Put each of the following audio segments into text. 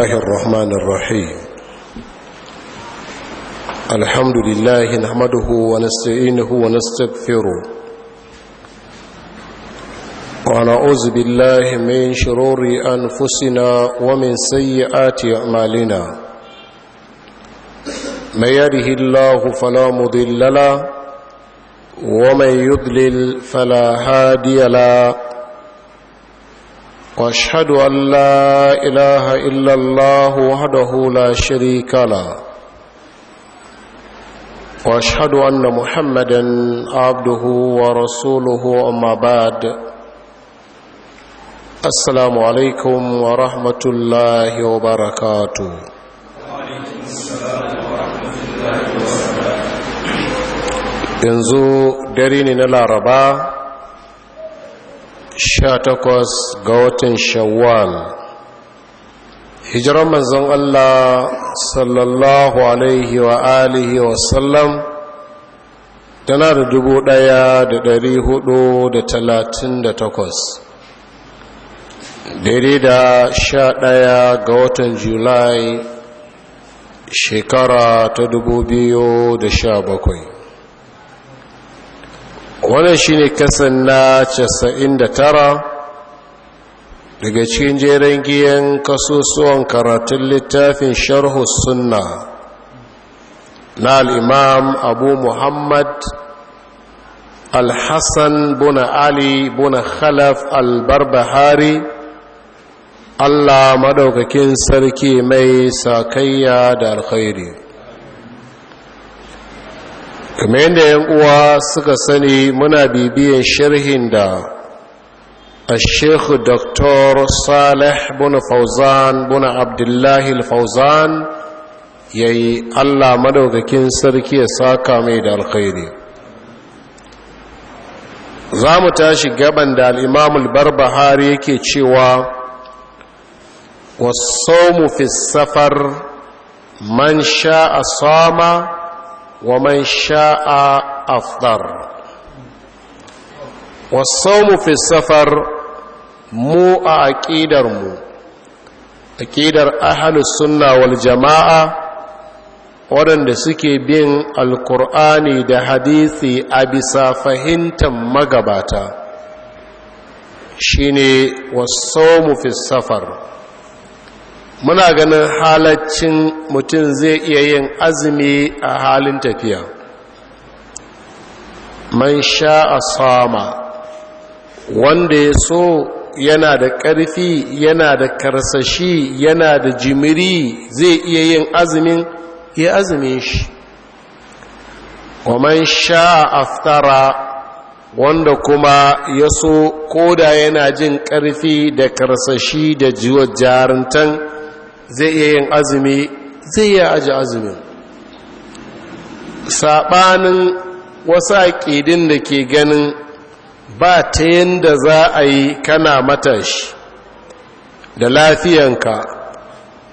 الله الرحمن الرحيم الحمد لله نحمده ونستعينه ونستغفره ونعوذ بالله من شرور أنفسنا ومن سيئات أعمالنا من يره الله فلا مضل له ومن يضلل فلا هادي له واشهد ان لا اله الا الله وحده لا شريك له واشهد ان محمدا عبده ورسوله اما بعد السلام عليكم ورحمه الله وبركاته وعليكم السلام ورحمه الله وبركاته yanzu dare ne na laraba 18 ga watan shawwal hijiran manzon Allah sallallahu alaihi wa alihi wa sallam tana da dubu ɗaya da dari hudu da talatin da takwas dare da sha ɗaya ga watan julai shekara ta dubu biyu da sha bakwai wannan shine kasan na 99 daga cikin jeren giyan kasusuwan karatun littafin sharhu sunna na al'imam abu muhammad al-hassan buna ali buna khalaf al-barbahari allah madaukakin sarki mai sakayya da alkhairi kamar yadda yan uwa suka sani muna bibiyan sharhin da a shekhu Dr saleh buna fauzan buna abdullahi fauzan ya yi allah madaukakin sarki ya saka mai da alkhairi za mu tashi gaban da al'imamul bahari yake cewa wasau mu fi safar man sha a sama ومن شاء أفطر والصوم في السفر مو أكيدر مو أكيدر أهل السنة والجماعة waɗanda suke bin alkur'ani da hadithi a bisa fahimtar magabata shine wasu fi safar muna ganin halaccin mutum zai iya yin azumi a halin tafiya man sha a sama wanda ya so yana da ƙarfi yana da karsashi yana da jimiri zai iya yin azumin ya azumin shi wa man sha aftara wanda kuma ya so koda yana jin ƙarfi da karsashi da jiwa jarantan zai iya yin azumi zai iya aji azumin saɓanin wasu aƙidin da ke ganin ba ta yadda za a yi kana matashi da lafiyanka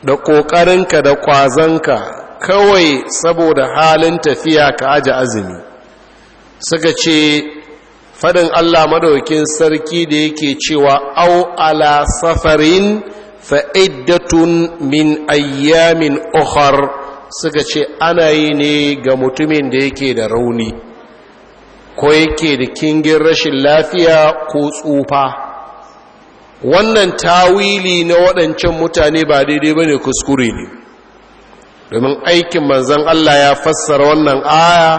da ƙoƙarinka da ƙwazonka kawai saboda halin tafiya ka aji azumi suka ce faɗin allah maɗaukin sarki da yake cewa au ala safarin fa'iddatun min ayyamin أخر suka ce ana yi ne ga mutumin da yake da rauni ko yake da kingin rashin lafiya ko tsufa wannan tawili na waɗancan mutane ba daidai ba ne kuskure ne domin aikin manzan Allah ya fassara wannan aya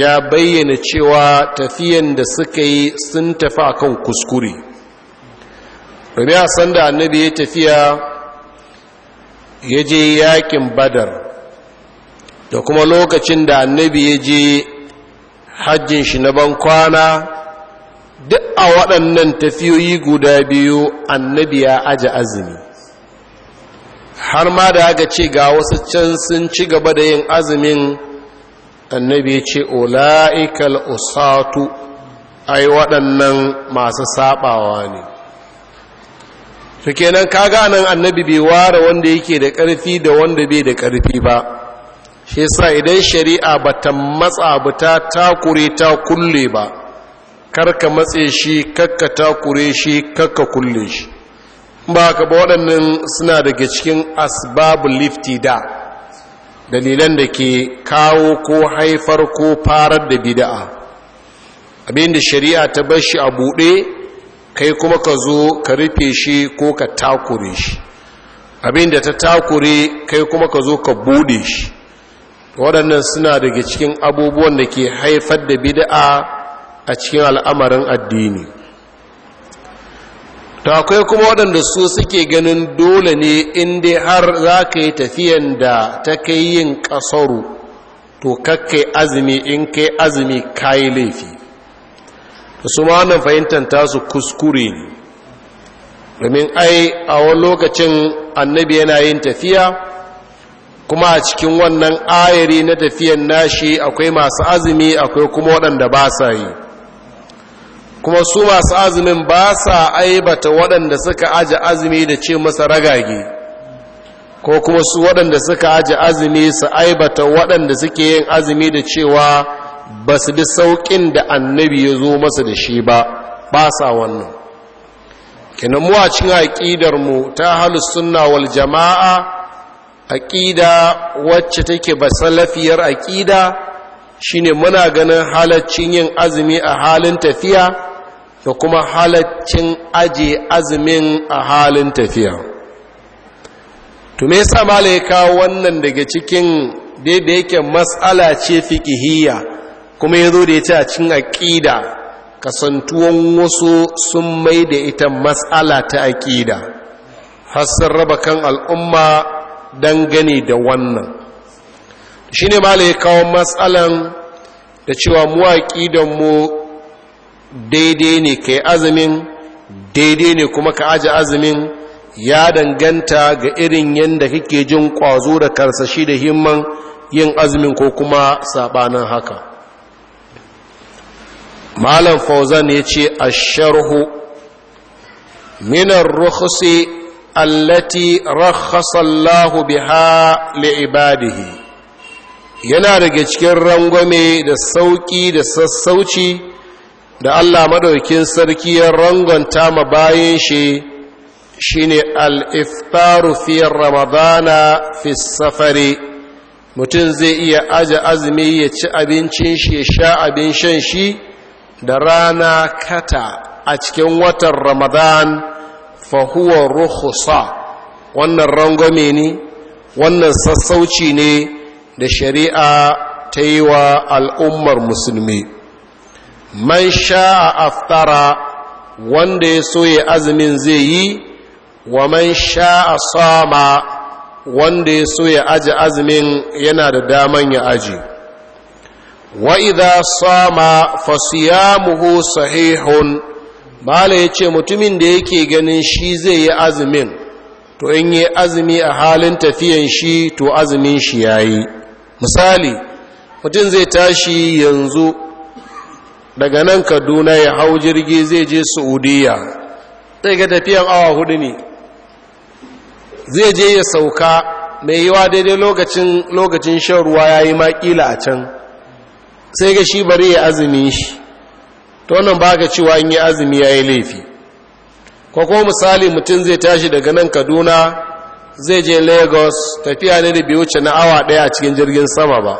ya bayyana cewa tafiyan da suka yi sun tafi akan kuskure domin a sanda annabi ya tafiya ya je yakin badar da kuma lokacin da annabi ya je hajjin shi na ban kwana duk a waɗannan tafiyoyi guda biyu annabi ya aji azumi har ma da aka ce ga wasu can sun ci gaba da yin azumin annabi ya ce ola'ikal usatu ai waɗannan masu saɓawa ne to kenan kaga nan annabi bai ware wanda yake da ƙarfi da wanda bai da ƙarfi ba shi yasa idan shari'a bata matsa ba takure ta kulle ba karka matse shi kakka takure shi kakka kulle shi ba ka ba waɗannan suna daga cikin lifti da. dalilan da ke kawo ko haifar ko farar da bid'a abinda shari'a ta bar shi a buɗe kai kuma ka zo ka rufe shi ko ka takure shi abinda ta takure kai kuma ka zo ka bude shi waɗannan suna daga cikin abubuwan da ke haifar da bida'a a cikin al'amarin addini ta akwai kuma waɗanda su suke ganin dole ne inda har za ka yi tafiyan da ta kai yin ƙasaru to kakkai azumi in kai azumi kayi laifi su ma wannan fahimtar tasu kuskure ne domin ai a wani lokacin annabi yana yin tafiya kuma a cikin wannan ayari na tafiyan nashi akwai masu azumi akwai kuma waɗanda ba sa yi kuma su masu azumin ba sa aibata waɗanda suka aji azumi da ce masa ragage ko kuma su waɗanda suka aji azumi su aibata waɗanda suke yin azumi da cewa ba su bi sauƙin da annabi ya zo masa da shi ba ba sa wannan kinan mu a aƙidar mu ta halus sunna wal jama'a aƙida wacce take ba salafiyar aƙida shine muna ganin halaccin yin azumi a halin tafiya da kuma halaccin aje azumin a halin tafiya to me yasa mala wannan daga cikin daidai yake mas'ala ce fikihiyya. kuma ya zo da ya ce a cikin aƙida kasantuwan wasu sun mai da ita matsala ta aƙida har raba kan al'umma dangane da wannan shi ne ma kawo matsalan da cewa mu aƙidanmu daidai ne ka yi azumin daidai ne kuma ka aji azumin ya danganta ga irin yadda kake jin ƙwazo da karsashi da himman yin azumin ko kuma saɓanin haka malam fauzan ya ce a sharhu minar rukhsi allati rakhasallahu biha li'ibadihi yana daga cikin rangwame da sauƙi da sassauci da Allah maɗaukin sarki ya rangonta ma bayan shi shine al-iftaru fi ramadana fi safari mutum zai iya aje azumi ya ci abincin shi ya sha abin shan shi da rana kata a cikin watan ramadan fahuwa ruhusa wannan rangwame ne wannan sassauci ne da shari'a ta yi wa al'ummar musulmi man sha a aftara wanda ya so ya azumin zai yi wa man sha a sama wanda ya so ya aji azumin yana da daman ya aji waiza sama fa muhu sahihun ya yace mutumin da yake ganin shi zai yi azumin to in yi azumi a halin tafiyan shi to azumin shi yayi misali mutum zai tashi yanzu daga nan Kaduna ya hau jirgi zai je Saudiya Zai ga tafiyan awa hudu ne zai je ya sauka mai yiwa daidai lokacin shan ruwa yayi makila a can sai ga shi bari ya azumi shi to wannan ba ga cewa in yi azumi ya yi laifi ko kuma misali mutum zai tashi daga nan kaduna zai je lagos tafiya ne da biyu wuce na awa daya a cikin jirgin sama ba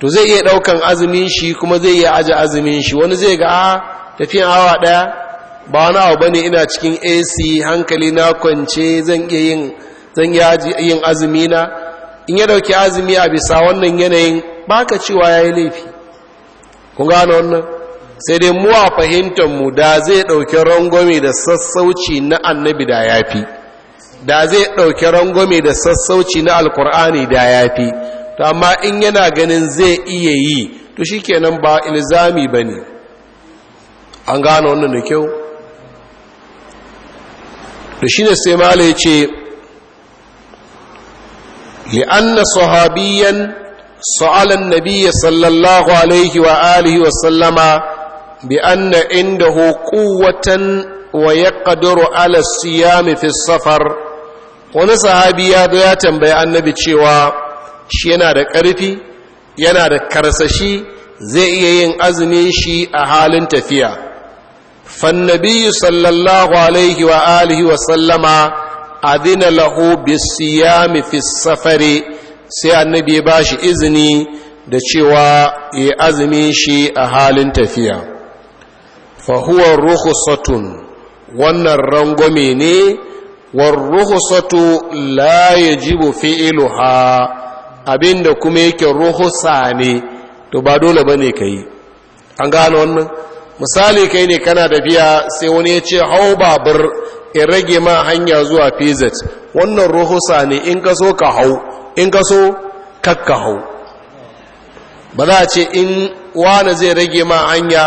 to zai iya ɗaukan azumin shi kuma zai iya aje azumin shi wani zai ga a tafiyan awa daya ba wani abu ne ina cikin ac hankali na kwance zan iya yin zan azumi na in ya ɗauki azumi a bisa wannan yanayin baka cewa ya yi laifi kun gano wannan sai dai mu a mu da zai ɗauki rangwame da sassauci na annabi da ya fi da zai ɗauki rangwame da sassauci na alkur'ani da ya fi to amma in yana ganin zai iya yi to shi kenan ba ilzami ba ne an gano wannan da kyau da shi ne sai mala ya ce li'anna sahabiyan sa'alan nabiyya sallallahu alaihi wa alihi wa sallama bi anna indahu ala safar wani sahabi ya zo ya tambayi annabi cewa shi yana da ƙarfi yana da karsashi zai iya yin azumin shi a halin tafiya fannabiyu sallallahu alaihi wa alihi wa sallama adina lahu fi safari sai annabi ya ba shi izini da cewa ya azumi shi a halin tafiya fahuwar ruhusatun wannan rangwame ne War ruhusatu la yajibu fi'luha abinda kuma yake ruhusa ne to ba dole bane kai an gano wannan misali kai ne kana da biya sai wani ya ce hau babur in rage ma hanya zuwa pizet wannan ruhusa ne in ka so ka hau in ka so kakka hau ba za a ce in wane zai rage ma hanya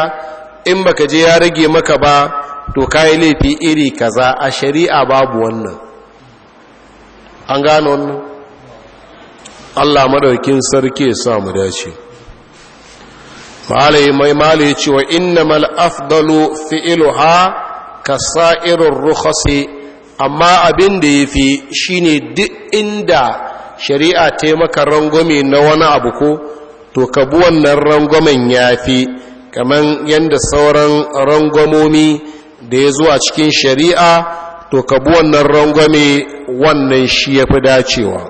in baka je ya rage maka ba to kayi laifi iri kaza a shari'a babu wannan an gano wannan Allah madaukin sarki ya sa mu dace malai mai malai cewa innamal afdalu fi'luha irin rukhasi amma abin da ya fi shi duk inda shari'a ta maka rangwame na wani abu ko to ka bi wannan rangwamen ya fi kamar yadda sauran rangwamomi da ya zuwa cikin shari'a to ka bi wannan rangwame wannan shi ya fi dacewa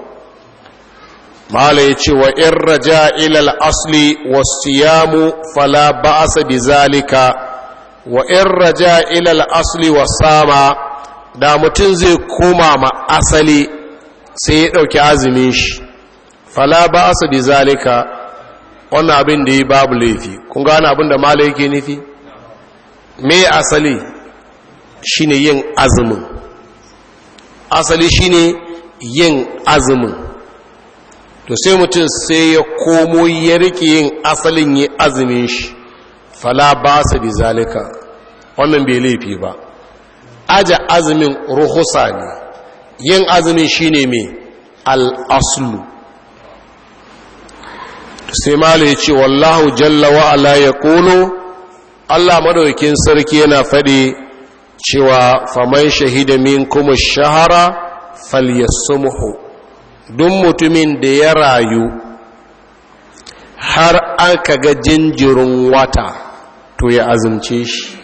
mala ya ce wa in raja ilal asli wasiyamu fala ba'asa bi zalika wa in raja ilal asli wasama da mutum zai koma ma asali sai ya ɗauki azumin shi fala ba su bi zalika wannan abin da yi babu laifi kun gane abin da mala yake nufi me asali shi ne yin azumin asali shi ne yin azumin to sai mutum sai ya komo ya rike yin asalin yi azumin shi fala ba su bi zalika wannan bai laifi ba aja azumin ruhusa ne yin azumin ne mai al'aslu sai mala ya ce wallahu Jallawa ala ya kolo. allah madaukin sarki yana faɗi cewa faman shahida min kuma shahara falyasumuhu don mutumin da ya rayu har aka ga jinjirin wata to ya azumce shi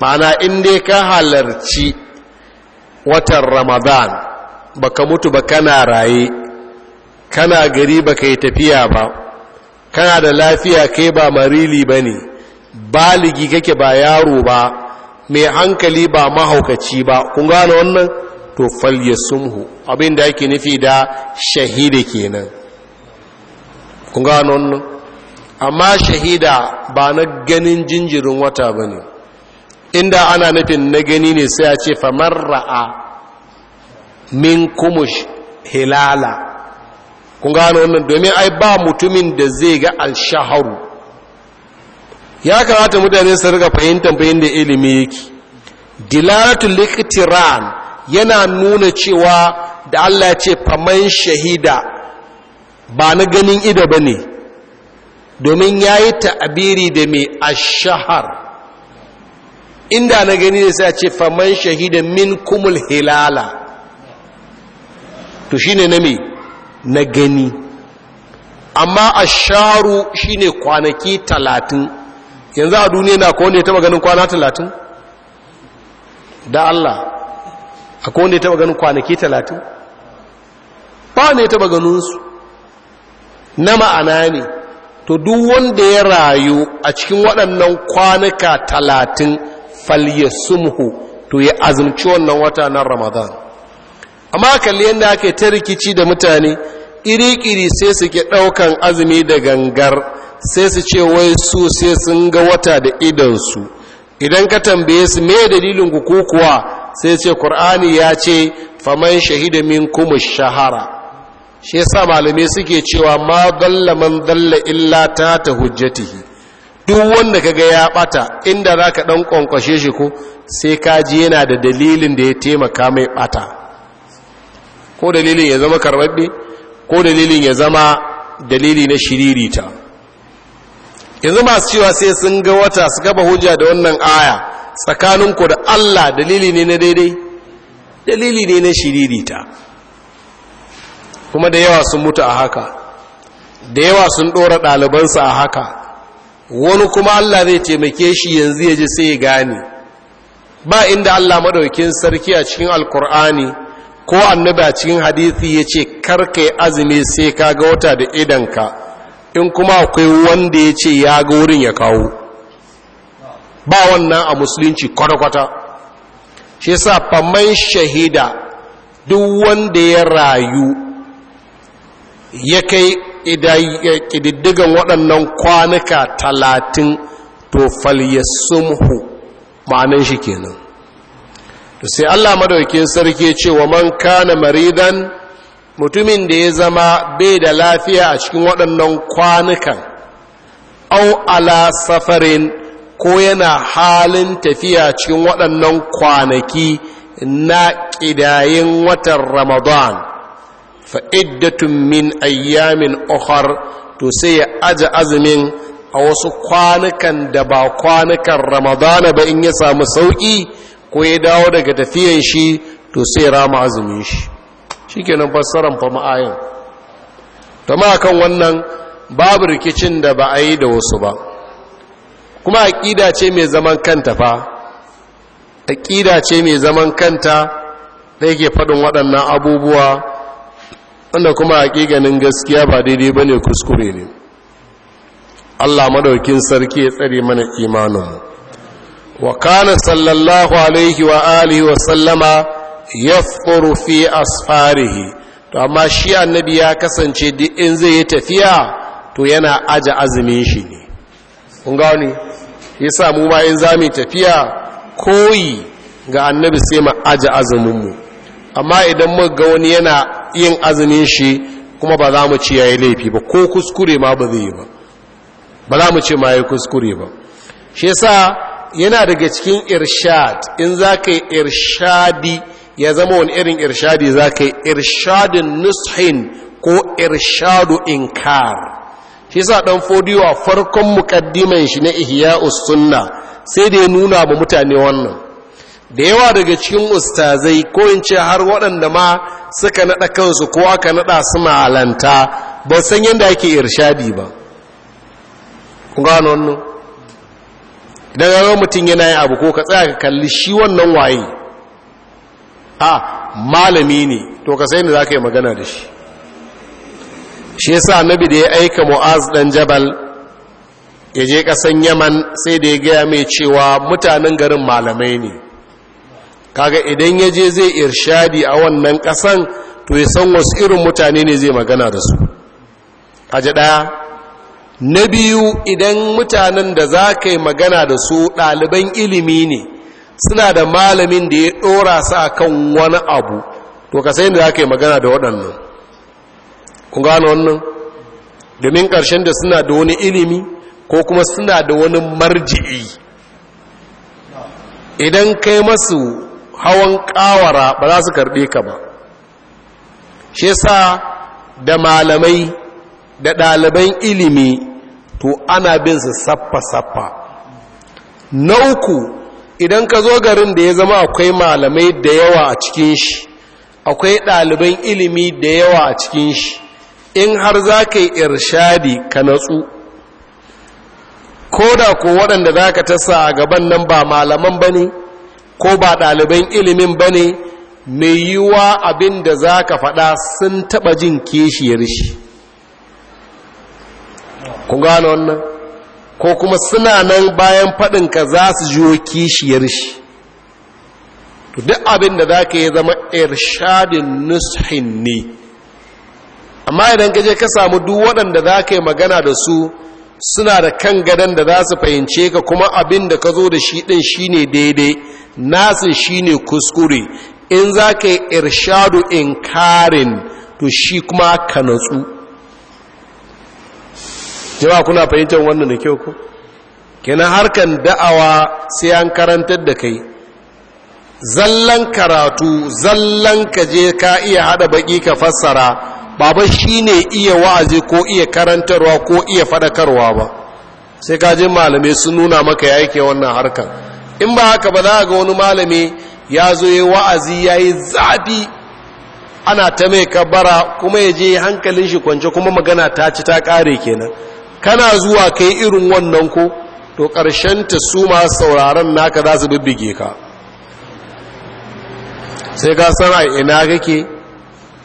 ma'ana inda ka halarci watan ramadan baka mutu ba kana raye kana gari ka yi tafiya ba kana da lafiya kai ba marili ba ne baligi kake ba yaro ba mai hankali ba mahaukaci ba kun gano wannan to falye sumhu abin da ake nufi da shahida kenan kun gano wannan amma shahida ba na ganin jinjirin wata ba ne inda ana nufin na gani ne sai a ce famar ra'a min kumush hilala kun gano wannan domin ai ba mutumin da zai ga alshaharu ya kamata mutane su riga fahimtar bayan da ilimi yake dilalatul liqtiran yana nuna cewa da Allah ya ce faman shahida ba na ganin ido bane domin yayi ta'abiri da mai al-shahar. inda na gani ne sai a ce faman shahida min kumul hilala to shine na me na gani amma asharu shine kwanaki talatin yanzu a duniya na ko wanda ya taba ganin kwana talatin da Allah akwai wanda ya taba ganin kwanaki talatin ba wanda ya taba ganinsu na ma'ana ne to duk wanda ya rayu a cikin waɗannan kwanuka talatin falyasumhu to ya azumci wannan wata na ramadan amma kalli yadda ake ta rikici da mutane iri-iri sai su ke ɗaukan azumi da gangar sai su ce wai su sai sun ga wata da idansu idan ka tambaye su me dalilin ku kuwa sai ce qur'ani ya ce faman shahida min kuma shahara shi yasa malamai suke cewa ma dalla man dalla illa ta ta hujjatihi duk wanda kaga ya bata inda zaka dan kwankwashe shi ko sai kaji yana da dalilin da ya taimaka mai bata ko dalilin ya zama karbabbe ko dalilin ya zama dalili na shiririta yanzu masu cewa sai sun ga wata su gaba hujja da wannan aya tsakaninku da Allah dalili ne na daidai dalili ne na shiririta kuma da yawa sun mutu a haka da yawa sun ɗora ɗalibansu a haka wani kuma Allah zai taimake shi yanzu ya ji sai ya gane ba inda Allah madaukin sarki a cikin alkur'ani ko annabi a cikin hadithi ya ce karkai azumi sai ka ga wata da idanka in kuma akwai wanda ya ce ya ga wurin ya kawo ba wannan a musulunci kwata-kwata shi sa faman shahida duk wanda ya rayu ya kai ƙididdigan waɗannan kwanuka talatin to falyasumhu ma'anin shi kenan to sai Allah madaukakin sarki ce wa man kana maridan mutumin da ya zama bai da lafiya a cikin waɗannan kwanukan au ala safarin ko yana halin tafiya cikin waɗannan kwanaki na ƙidayen watan ramadan fa iddatun min ayyamin ukhar to sai ya aja azumin a wasu kwanukan da ba kwanukan ramadana ba in ya samu sauki ko ya dawo daga tafiyan shi to sai rama azumin shi shikenan fassaran fa ma'ayin to ma kan wannan babu rikicin da ba a yi da wasu ba kuma aqida ce mai zaman kanta fa aqida ce mai zaman kanta da yake faɗin waɗannan abubuwa wanda kuma ganin gaskiya ba daidai ba ne kuskure ne allah madaukin sarki ya tsare mana imaninmu wa kana sallallahu alaihi wa alihi wa sallama ya fi asfarihi to amma shi annabi ya kasance duk in zai yi tafiya to yana aja azumin shi ne kun ga wani ya mu ma in za mu tafiya koyi ga annabi sai mu aja azuminmu. amma idan muka ga wani yana yin azumin shi kuma ba za mu ce yayi laifi ba ko kuskure ma ba zai yi ba ba za mu ce ma yayi kuskure ba shi yasa yana daga cikin irshad in za ka yi irshadi ya zama wani irin irshadi za ka yi irshadin nushin ko irshadu inkar shi sa dan fodiwa farkon mukaddiman shi na ihya'us sunna sai da ya nuna ba mutane wannan da yawa daga cikin ustazai ko in ce har waɗanda ma suka naɗa kansu ko aka naɗa su ma'alanta ba san yadda ake irshadi ba ku gano wannan idan yawon mutum yana yin abu ko ka tsaya ka kalli shi wannan waye a malami ne to ka sai ne za ka yi magana da shi shi yasa annabi da ya aika mu'az dan jabal ya je ƙasan yaman sai da ya gaya mai cewa mutanen garin malamai ne kaga idan ya je zai irshadi a wannan ƙasan to ya san wasu irin mutane ne zai magana da su aji ɗaya na biyu idan mutanen da za ka yi magana da su ɗaliban ilimi ne suna da malamin da ya ɗora su a kan wani abu to ka sayin da za ka yi magana da waɗannan ku gano wannan domin ƙarshen da suna da wani ilimi ko kuma suna da wani marji'i idan kai masu hawan kawara ba za su karbe ka ba shi sa da malamai da ɗaliban ilimi to ana bin su saffa-saffa na uku idan ka zo garin da ya zama akwai malamai da yawa a cikin shi akwai ɗaliban ilimi da yawa a cikin shi in har za ka yi irshadi ka natsu ko da ko waɗanda za ka tasa a gaban nan ba malaman ba ne ko ba ɗaliban ilimin ba ne mai yiwuwa abin da za ka faɗa sun taɓa jin kishiyar shi ku gano wannan ko kuma suna nan bayan faɗinka za su jiwo kishiyar shi duk abin da za ka yi zama irshadin nushin ne amma idan gaje ka samu duk waɗanda za ka yi magana da su suna da kan gadon da za su fahimce ka kuma abin da ka zo da shi ɗin shi ne daidai nasin ne kuskure in za ka yi irshadu in karin to shi kuma ka natsu jama'a kuna fahimtar wannan da kyau ku Kina harkan da'awa sai an karantar da kai zallan karatu zallan ka je ka iya hada baki ka fassara baba shi ne iya wa'azi ko iya karantarwa ko iya fadakarwa ba sai ka je malamai sun nuna maka ya yake wannan harkar in ba haka ba za ga wani malami ya zo ya wa'azi ya yi zafi ana ta mai kabara kuma ya je hankalin shi kwance kuma magana ta ci ta kare kenan kana zuwa kai irin wannan ko to ƙarshen ta su ma sauraron naka za su bibbige ka sai ka sana ina kake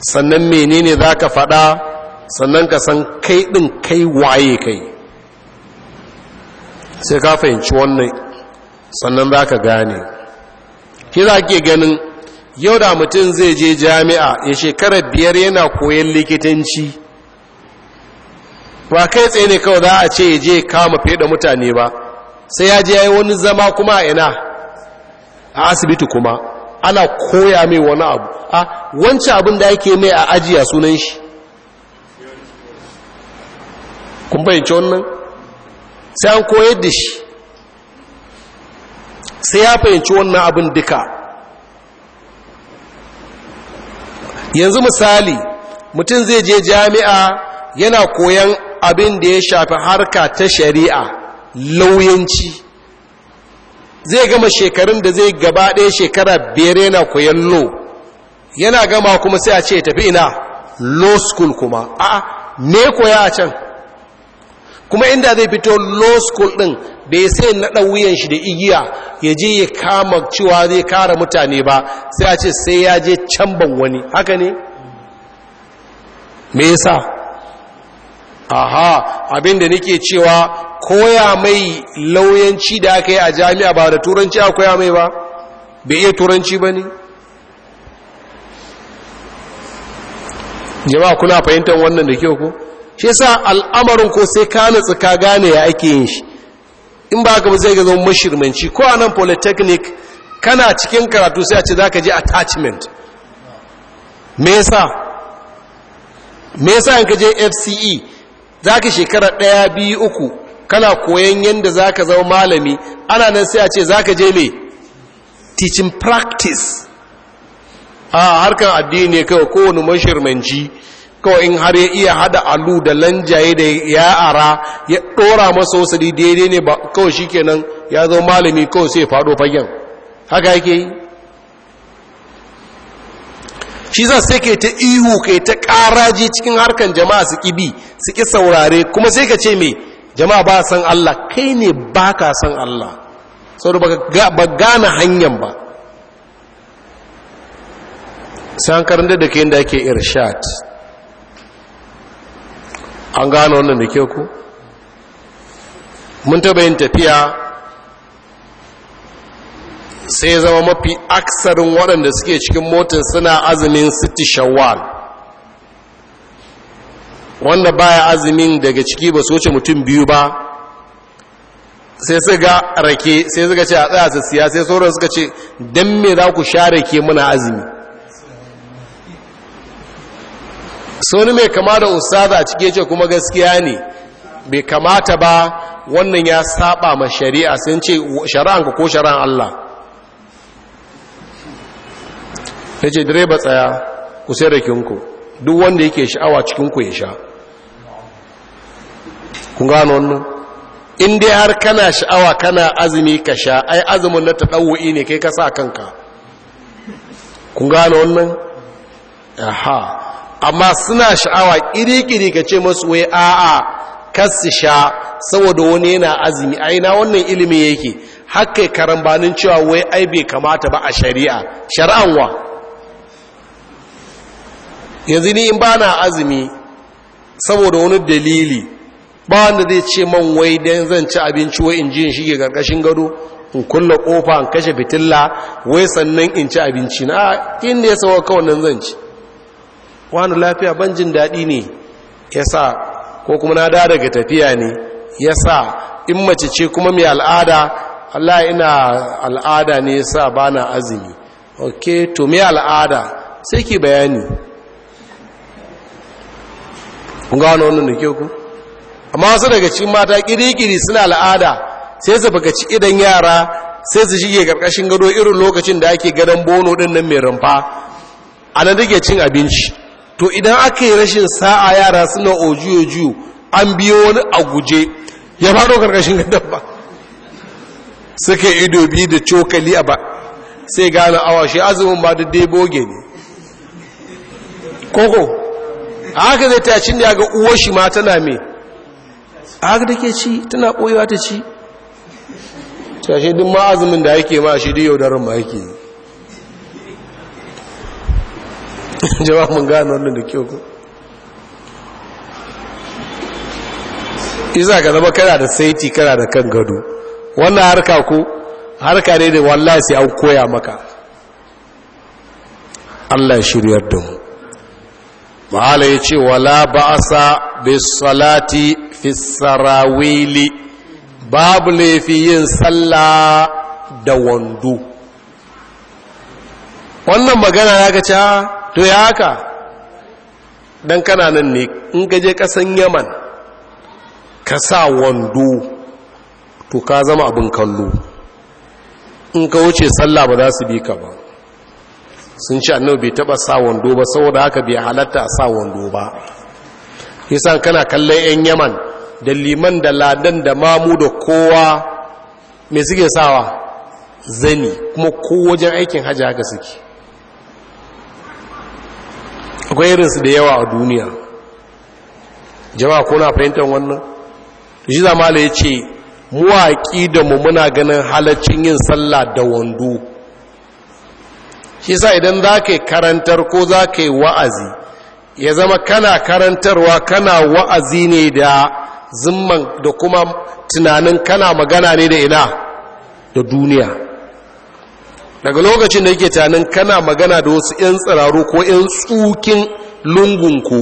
sannan menene za ka faɗa sannan ka san kai ɗin kai waye kai sai ka fahimci wannan sannan za ka gane za ke ganin yau da mutum zai je jami'a ya shekarar biyar yana koyon likitanci ba kai tsaye ne kawai za a ce ya je kama fiye da mutane ba sai ya je ya yi wani zama kuma a ina a asibiti kuma ana koya mai wani abu a wancan abin da yake mai a ajiya sunan shi kun wannan sai an koyar da shi sai ya fahimci wannan abin duka yanzu misali mutum zai je jami'a yana koyan abin da ya shafi harka ta shari'a lauyanci zai gama shekarun da zai gaba ɗaya shekara biyar yana koyan lo yana gama kuma sai a ce tafi ina lo school kuma a'a ne koya a can kuma inda zai fito lo school ɗin bai sai naɗa wuyan shi da igiya ya je ya kama cewa zai kara mutane ba sai a ce sai ya je can ban wani haka ne me yasa aha abinda nake cewa koya mai lauyanci da aka yi a jami'a ba da turanci a koya mai ba bai iya turanci ba ne jama'a kuna fahimtar wannan da kyau ko shi sa al'amarin ko sai ka nutsu ka gane ya ake yin shi in ba ka zai ga zo mashirmanci ko a nan polytechnic kana cikin karatu sai a ce za ka je attachment me yasa me yasa in ka je fce za ka shekara ɗaya biyu uku kana koyon yadda za ka zama malami ana nan sai a ce za ka je mai teaching practice a harkar addini kawai kowane mashirmanci kawai in har ya iya hada alu da lanjaye da ya'ara ya ɗora masa wasu daidai ne ba kawai shi kenan ya zama malami kawai sai faɗo fagen haka yake yi shi za sai kai ta ihu kai ta ƙaraji cikin harkan jama'a su ƙibi su ƙi saurare kuma sai ka ce mai jama'a ba san Allah kai ne ba ka san Allah sau ba gane hanyar ba sai an da ke da ake irshad an gane wannan da ke ku mun taɓa yin tafiya sai zama mafi aksarin waɗanda suke cikin motar suna azumin siti shawwal wanda baya azumin daga ciki ba soce mutum biyu ba sai su ga rake sai suka ce a tsaya su siya sai sauran suka ce don me za ku sha rake muna azumi sani mai kama da ustaza a cike ce kuma gaskiya ne bai kamata ba wannan ya saba ma shari'a sun ce shari'an ko shari'an Allah ya ce direba tsaya ku sai rakinku duk wanda yake sha'awa cikinku ya sha kun gano wannan in dai har kana sha'awa kana azumi ka sha ai azumin na taɗawo'i ne kai ka sa kanka kun gano wannan aha amma suna sha'awa ƙiri-ƙiri ka ce masu wai a'a kasu sha saboda wani yana azumi aina wannan ilimin yake haka karambanin cewa wai ai bai kamata ba a shari'a shari'an wa yanzu ni in ba na azumi saboda wani dalili ba wanda zai ce man wai don zan ci abinci wai in ji in shige karkashin gado in kulla kofa in kashe fitilla wai sannan in ci abinci na inda ya sauwa kawai nan zan ci wani lafiya ban jin daɗi ne ya sa ko kuma na da daga tafiya ne ya sa in mace ce kuma mai al'ada Allah ina al'ada ne ya sa ba na azumi ok to mai al'ada sai ke bayani kun gano wannan da ke ku amma su daga cikin mata kirikiri suna al'ada sai su baka ci idan yara sai su shige karkashin gado irin lokacin da ake gadon bono din nan mai rumfa a nan ke cin abinci to idan aka yi rashin sa'a yara suna ojiyo-jiyo an biyo wani a guje ya faro karkashin gadon ba suka ido bi da cokali a ba sai gane awa shi azumin ba da dai boge ne koko haka zai ta cin da ya ga uwar shi ma tana a haka da ke ci tana ɓoyewa ta ci tashi duk ma'azumin da yake ma shi duk yaudarin ma yake jama'a mun gano wannan da kyau ku isa ka zama kana da saiti kana da kan gado wannan harka ku harka ne da wallahi sai an koya maka Allah shiryar da mu mahala ya ce wala ba'asa bai salati fi sarawili babu laifi yin sallah da wando wannan magana ya gaca ah, to ya haka dan kana nan ne in gaje kasan yaman ka sa wando to ka zama abin kallo in ka wuce sallah ba za su bi ka ba sun ci annabi bai taba sa wando ba saboda haka bai halatta a sa wando ba yasa kana kallon yan yaman da liman da ladan da mamu da kowa me suke sawa zani kuma ko wajen aikin hajji haka suke akwai irinsu da yawa a duniya jama'a ko na fahimtar wannan shi da ya ce muwaƙi da mu muna ganin halaccin yin sallah da wando shi sa idan za ka karantar ko za ka wa'azi ya zama kana karantarwa kana wa'azi ne da zimman da kuma tunanin kana magana ne da ina da duniya daga lokacin da yake tunanin kana magana da wasu 'yan tsiraru ko 'yan tsukin lungunku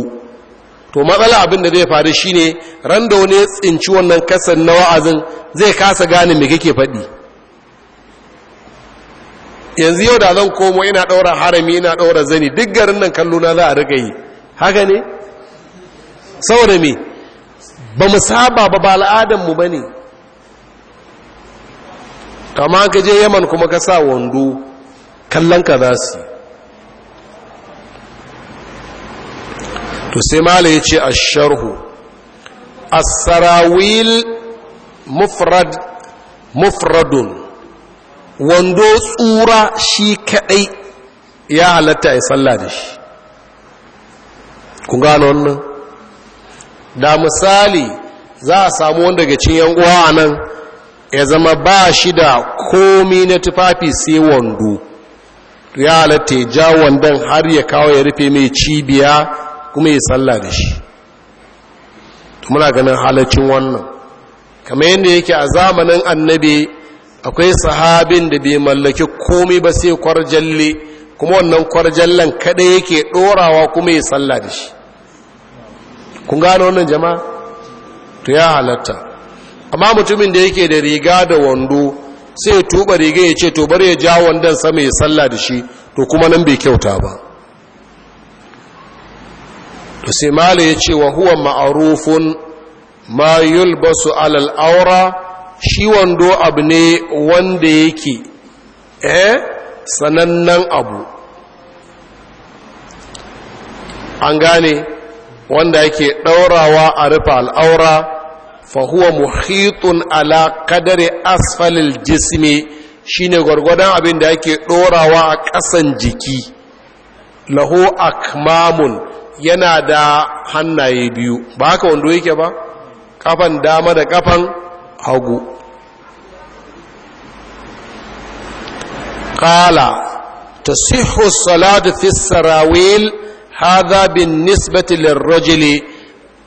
to matsala abin da zai faru shine ran da wani tsinci wannan kasan na wa'azin zai kasa gane me kake faɗi yanzu yau da zan komo ina ɗaura harami ina ɗaura zani duk garin nan kallo na za a riga yi haka ne saboda me ba mu saba ba ba al'adanmu ba ne kama ka je yaman kuma ka sa wando kallon ka za su to sai mala ya ce a sharhu a sarawil mufradun wando tsura shi kaɗai, ya halatta a yi sallah da shi ku gano wannan da misali za a samu wanda ga cin uwa a nan ya zama ba shi da komi na tufafi sai wando ya halatta ya ja wandon har ya kawo ya rufe mai cibiya kuma ya sallah da shi muna ganin halacin wannan kamar yadda yake a zamanin annabi akwai sahabin da bai mallaki komai ba sai kwarjalle kuma wannan kwarjallen kada yake dorawa kuma ya salla da shi kun gano wannan jama'a to ya halatta amma mutumin da yake da riga da wando sai ya tuba riga ya ce to bari ya ja wandon sama ya salla da shi to kuma nan bai kyauta ba to sai mala ya ce wa huwa ma'arufun ma yulbasu alal aura shi wando abu ne wanda yake eh sanannen abu an gane wanda yake ɗaurawa a rufe al'aura fahuwa muhitun ala kadare asfalil jisme shine gwargwadon abin da yake ɗorawa a ƙasan jiki laho akmamun yana da hannaye biyu ba haka wando yake ba kafan dama da kafan hagu qala تصح الصلاة في السراويل هذا بالنسبة للرجل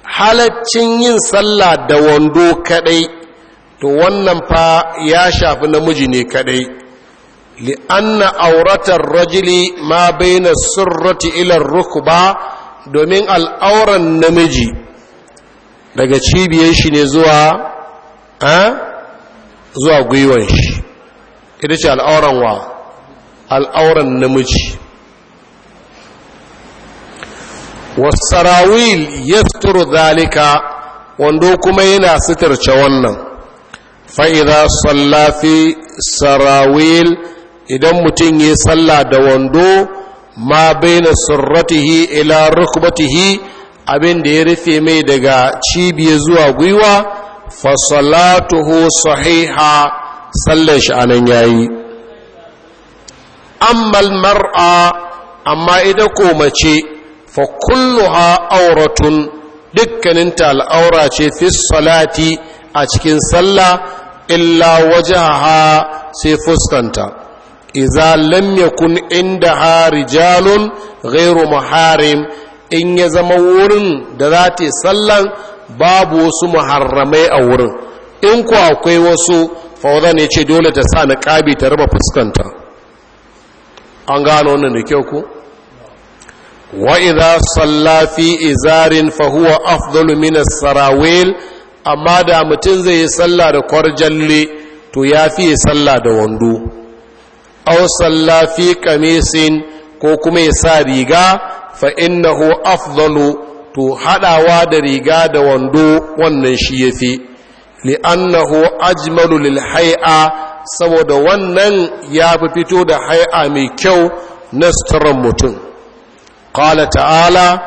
halaccin yin sallah da wando kaɗai, to wannan fa ya shafi namiji ne kadai li'anna auratar rajuli ma baina surrati ila rukba domin al'auran namiji daga cibiyar shi ne zuwa a zuwa gwiwan shi ita ce al'auran wa al'auran namiji sarawil yasturu zalika wando kuma yana suturce wannan Fa'ida sallafi sarawil idan mutum ya salla da wando ma baina surratihi ila rukbatihi abin da ya rufe mai daga cibiya zuwa gwiwa fa salatuhu sahiha sallar shi anan yayi ammal mar'a amma ita ko mace fa kulluha auratun dukkaninta al'aura ce fi salati a cikin sallah illa wajaha sai fuskanta idza lam yakun indaha rijalun ghairu muharim in ya zama wurin da za ta sallan babu wasu muharramai a wurin in ku akwai wasu fawzan ya ce dole ta sa ƙabi ta raba fuskanta an gano wannan da kyau ku wa idza salla fi izarin fa huwa afdalu min as-sarawil amma da mutum zai yi sallah da korjalle to ya fi sallah da wando aw salla fi qamisin ko kuma ya sa riga fa innahu afdalu to hadawa da riga da wando wannan shi yafi li'annahu ajmalu lil hay'a saboda wannan ya fi fito da hai'a mai kyau na suturan mutum ƙala ta'ala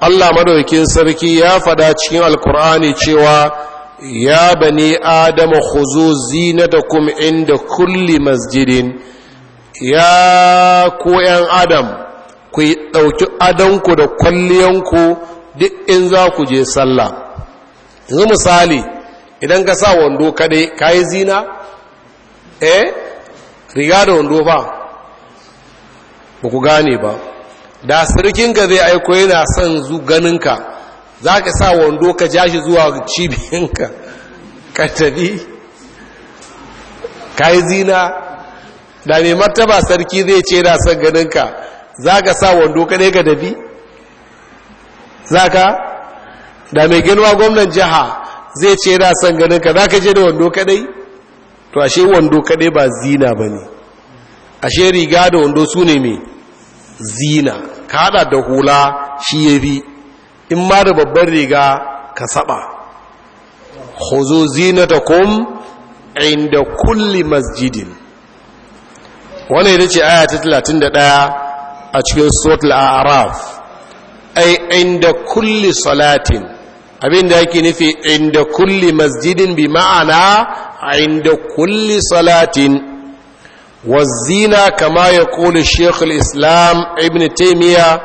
allah madaukin sarki ya fada cikin alkur'ani cewa ya bani adama zina da kum'in inda kulli masjidin ya koyan adam ku ɗauki adanku da kwalliyanku duk in za ku je sallah yanzu misali idan ka sa wando kaɗai ka yi zina eh riga da wando ba ba ku gane ba da sirkinka zai aiko yana son zu ganinka za ka sa wando ka ja shi zuwa cibiyanka ka tabi ka yi zina da mai martaba sarki zai ce yana son ganinka za ka sa wando ka ka dabi za ka da mai ginuwa gwamnan jiha zai ce yana son ganinka za ka je da wando kadai to ashe wando kaɗai ba zina ba ne ashe riga da wando su ne mai zina ka da hula shi ya bi in ma da babban riga ka saba huzo zinatakum inda kulli masjidin wane da ce aya ta 31 a cikin a a'raf ai inda kulli salatin Abin abinda yake nufi inda kulli masjidin bi ma'ana inda kulli salatin wazina kama ya kone shekul islam ibn taimiyya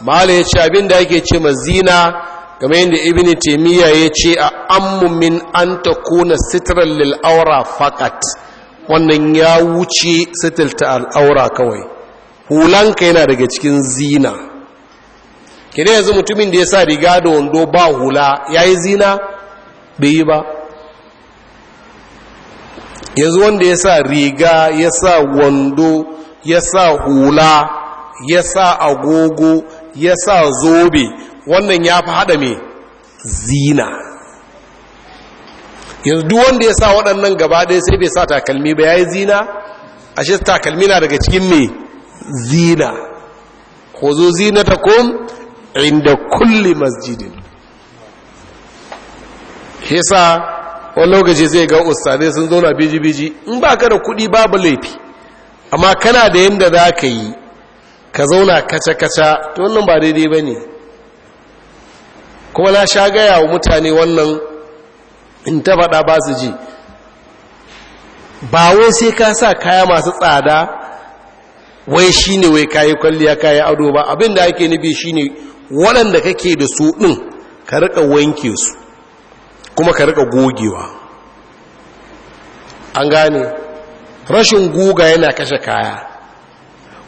mala ya ce da ake ce mazina game yadda ibn taimiyya ya ce a ammumin an ta kone sitirar lil'aura fakat wannan ya wuce sitirta al'aura kawai hulanka yana daga cikin zina kira yanzu mutumin da ya sa riga da wando ba hula ya yi zina bai yi ba yanzu wanda ya sa riga ya sa wando ya sa hula ya sa agogo ya sa zobe wannan ya fi haɗa mai zina yanzu duk wanda ya sa waɗannan gaba ɗaya sai bai sa takalmi ba ya yi zina shi takalmi na daga cikin mai zina ko zo zina ta kom inda kulle masjidin shi sa wani lokaci zai ga ustazai sun zauna biji-biji in ba ka da kuɗi babu laifi amma kana da yadda za ka yi ka zauna kaca-kaca ta wannan ba daidai ba ne kuma na sha gaya wa mutane wannan in ta faɗa ba su ji ba wai sai ka sa kaya masu tsada wai shi ne wai kayi kwalliya kayi ado ba abinda ake nufi shi ne waɗanda kake da su ɗin ka riƙa wanke su kuma ka rika gogewa an gane rashin guga yana kashe kaya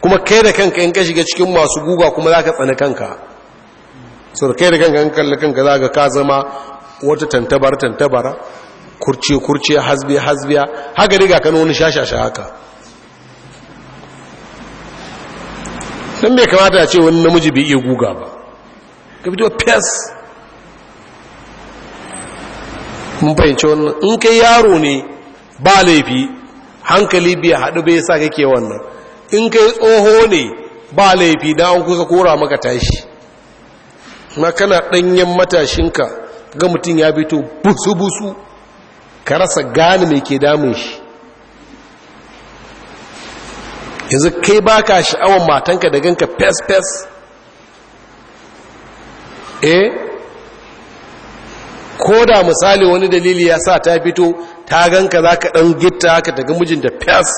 kuma kai da kanka in ka shiga cikin masu guga kuma za ka tsani kanka so da kai da kanka in kalli kanka za ka ka zama wata tantabar tantabar kurce-kurce hasbiya-hasbiya haka riga kan wani shashasha haka don bai kamata ce wani namiji bai iya guga ba ka fito fes mun fahimci wannan in kai yaro ne ba laifi hankali biya haɗu bai sa kake wannan in kai tsoho ne ba laifi da an kusa kora maka tashi na kana ɗanyen matashinka ga mutum ya fito busu-busu ka rasa gane mai ke damun shi yanzu kai ba ka sha'awar matanka da ganka fes-fes eh ko da misali wani dalili ya sa ta fito ta ganka za ka ɗan gitta ka daga mijin da fiyas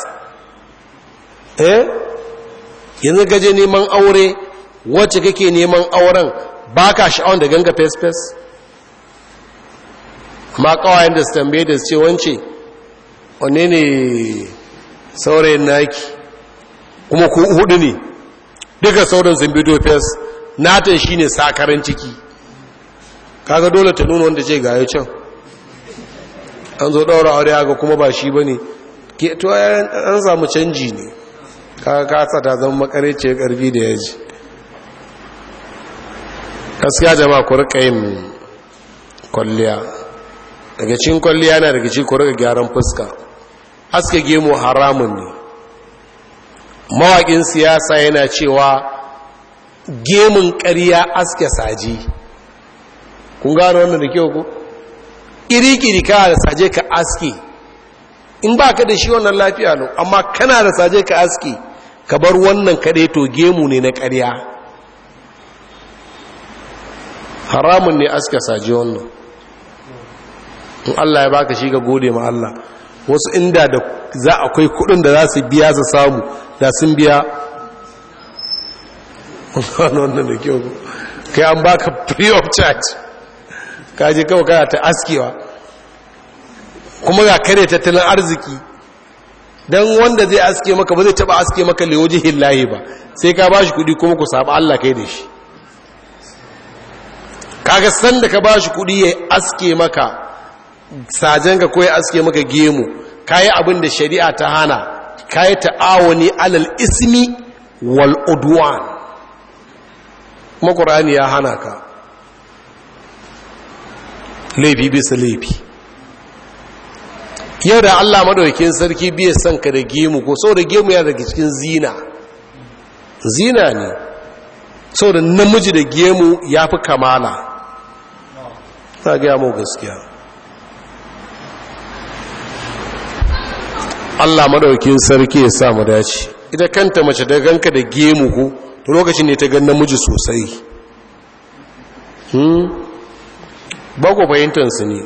eh yanzu gaje neman aure wacce kake neman auren ba ka sha'awar da ganga fes-fes ma kawayen da su tambaye da su ce wance wane ne saurayin naki kuma ku hudu ne duka sauran zambido bido fes natan shi ne sakarin ciki kaga dole ta nuna wanda ce ya can an zo daura aure haka kuma ba shi ba ne to an samu canji ne kaga kasa ta zama makarece ya karfi da yaji gaskiya jama'a ku rika yin kwalliya daga cikin kwalliya na daga cikin ku gyaran fuska aske gemu haramun ne mawaƙin siyasa yana cewa gemun ƙarya aske saji kun gano wannan da kyau ku iri-kiri ka da saje ka aski in ba ka da shi wannan lafiya no amma kana da saje ka aski ka bar wannan kaɗai to gemu ne na ƙarya haramun ne aska saje wannan in allah ya baka shi ga gode ma allah wasu inda da za akwai kudin da za su biya su samu da sun biya wannan da kyau kai an baka free of charge ka je kawai kana ta askewa kuma ga kare tattalin arziki don wanda zai aske maka ba zai taba aske maka lewoji hillahi ba sai ka bashi kudi kuma ku saba Allah kai da shi kaga sanda ka bashi kudi ya aske maka ka ko ya aske maka gemu kayi abin da shari'a ta hana kayi ta'awuni alal ismi wal udwan kuma ya hana ka laifi bisa laifi yau da allah madaukin sarki biya son ka da gemu ko so da gemu ya daga cikin zina zina ne so da namiji da gemu ya fi kamala ta gaya mu gaskiya allah madaukin sarki ya sa mu dace ita kanta mace da ganka da gemu ko lokacin ne ta gan namiji sosai hmm? ba ku fahimtansu ne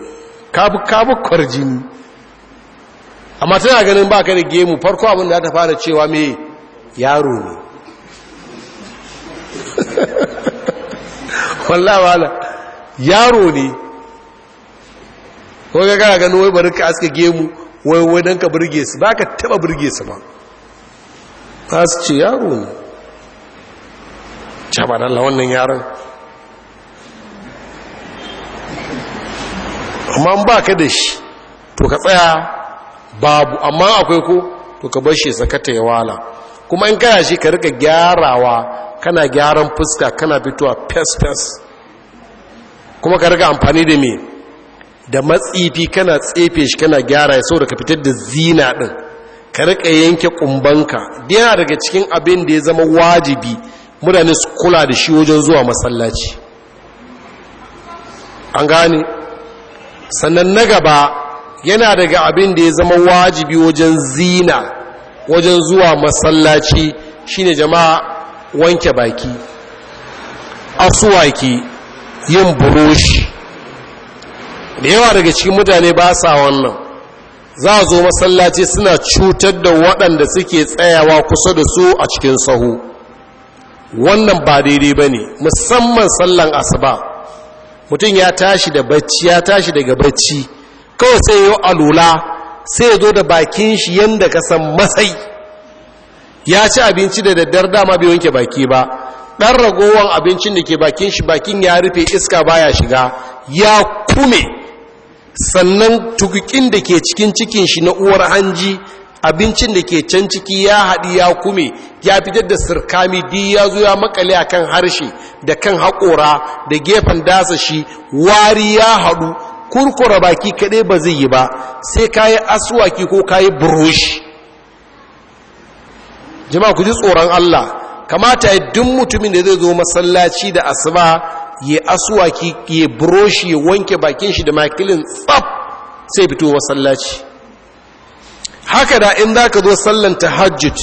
kabu jini amma tana ganin ba ka da gemu farko abin da ta fara cewa mai yaro ne wallawala yaro ne ko ga kana ganin wai bari ka aske gemu wai wai don ka burge su ba ka taba burge su ba ta su ce yaro ne cabanan wannan yaron amma ba ka da shi to ka tsaya babu amma akwai ko to ka bar shi sakata ya wala kuma in kana shi ka rika gyarawa kana gyaran fuska kana fitowa fes-fes kuma ka rika amfani da me da matsifi kana tsefe shi kana gyara sau da ka fitar da zina ɗin ka rika yanke kumbanka da daga cikin abin da ya zama wajibi mutane su kula da shi wajen zuwa masallaci an gane sannan na gaba yana daga abin da ya zama wajibi wajen zina wajen zuwa masallaci shine jama'a wanke baki asuwaki yin buroshi da yawa daga cikin mutane ba sa wannan za a zo masallaci suna cutar da waɗanda suke tsayawa kusa da su a cikin sahu wannan ba daidai ba ne musamman sallan asuba mutum ya tashi da bacci ya tashi daga bacci kawai sai yi alula sai ya zo da bakin shi yadda ka san matsayi ya ci abinci da daddar dama bai wanke baki ba ɗan ragowar abincin da ke bakin shi bakin ya rufe iska baya shiga ya kume sannan tukukin da ke cikin cikin shi na uwar hanji abincin da ke can ciki ya haɗi ya kume ya fitar da sirkami di ya zo ya makale a kan harshe da kan haƙora da gefen dasa shi wari ya haɗu kurkura baki kaɗai ba zai yi ba sai ka yi asuwaki ko ka yi burushi jama'a ku ji tsoron allah kamata ya duk mutumin da zai zo masallaci da asuba ya asuwaki ya burushi ya wanke bakin shi da makilin tsaf sai fito masallaci haka da in za ka zo sallan tahajjud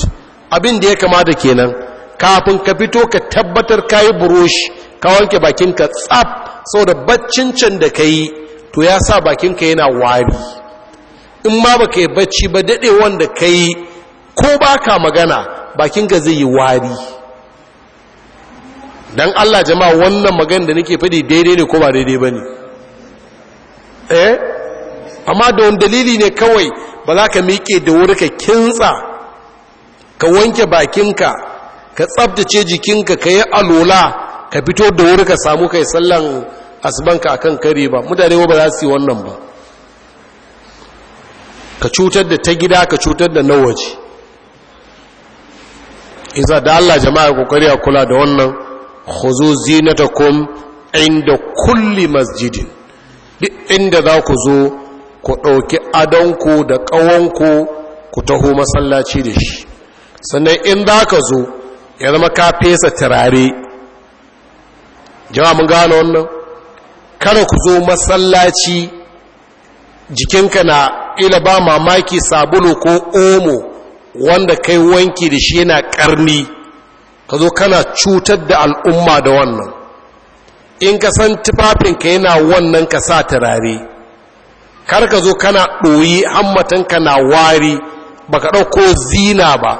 abin da ya kamata kenan kafin ka fito ka tabbatar ka yi buroshi ka wanke bakinka tsaf saboda baccin can da ka yi to ya sa bakinka yana wari in ma ba ka yi bacci ba daɗe wanda ka yi ko ba ka magana bakinka zai yi wari don allah jama'a wannan magana da nake faɗi daidai ne ko ba daidai ba ne eh amma da wani dalili ne kawai ba za ka miƙe da wuri ka kintsa ka wanke bakinka ka tsabtace jikinka ka yi alola ka fito da wuri ka samu kai sallan asibanka a kan kare ba mutane ba za su yi wannan ba ka cutar da ta gida ka cutar da na waje iza da Allah jama'a kokari a kula da wannan khuzu zinatakum inda kulli masjidin duk inda za ku zo ku ɗauki adonku da ƙawonku ku taho masallaci da shi sannan in za ka zo ya zama ka fesa turare jama'a mun gano wannan kada ku zo masallaci jikinka na ila ba mamaki sabulu ko omo wanda kai wanki da shi yana ƙarni ka zo kana cutar da al'umma da wannan in ka san tufafinka yana wannan ka sa turare kar ka zo kana ɗoyi hammatanka na wari ba ka ɗauko zina ba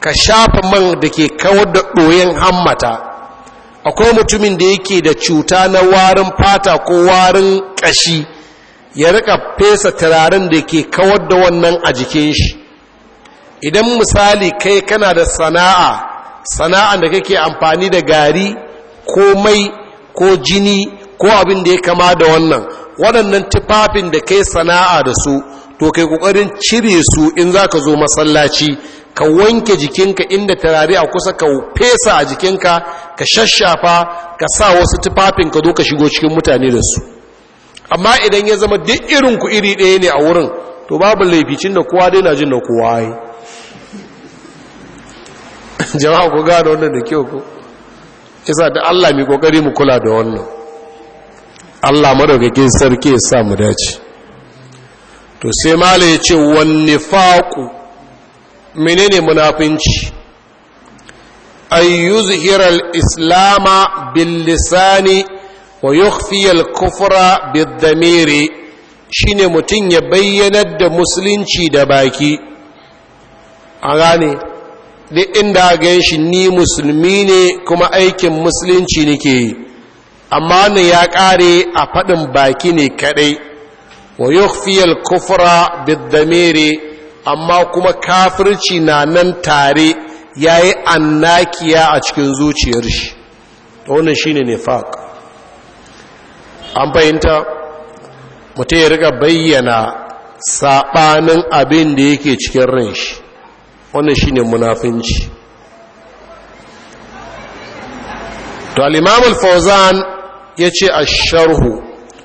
ka shafa man da ke kawar da ɗoyin hammata akwai mutumin da yake da cuta na warin fata ko warin ƙashi ya rika fesa turaren da ke kawar da wannan a jikin shi idan misali kai kana da sana'a sana'a da kake amfani da gari ko mai ko jini ko abin da ya kama da wannan waɗannan tufafin da kai sana'a da su to kai kokarin cire su in za ka zo masallaci ka wanke jikinka inda turare a kusa ka fesa a jikinka ka shashafa ka sa wasu tufafin ka zo ka shigo cikin mutane da su amma idan ya zama duk irin ku iri ɗaya ne a wurin to babu laificin da kowa dai na jin da kowa yi jama'a ku gane wannan da kyau ku isa da Allah mai kokari mu kula da wannan Allah madaukakin sarki ya sa mu dace to sai mala ya ce wanne faƙu menene munafinci ayyuzhira islama bil lisani wa yukhfi al-kufra bid damiri shine mutum ya bayyanar da musulunci da baki a gane duk inda gan shi ni musulmi ne kuma aikin musulunci nake yi amma wannan ya ƙare a faɗin baki ne kaɗai wa yukfiyal kufra amma kuma kafirci na nan tare ya yi annakiya a cikin zuciyar shi ta wannan shi ne nefak an fahimta mutum ya riga bayyana saɓanin abin da yake cikin ran shi wannan shi ne munafinci to al-fawzan ya ce a sharhu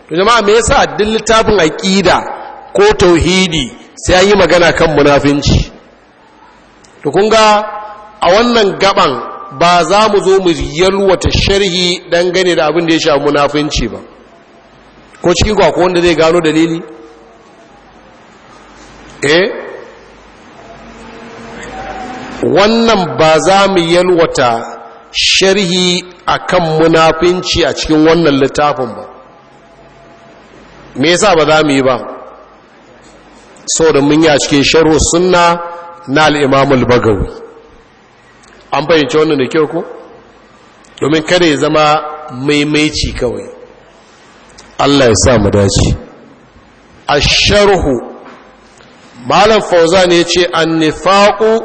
to jama'a me yasa duk littafin aƙida ko tauhidi sai an yi magana kan munafinci to kun ga a wannan gaban ba za mu zo mu yalwata sharhi dangane da abin da ya shafi munafinci ba ko cikin akwai wanda zai gano dalili eh wannan ba za mu yalwata sharhi akan munafinci a cikin wannan littafin ba me yasa ba za mu yi ba saboda mun yi a cikin sharhu sunna na al'imamul bagawi an fahimci wannan da kyau ko domin kada ya zama maimaici kawai allah ya sa mu dace a sharhu malam fauzan ya ce an nifaƙu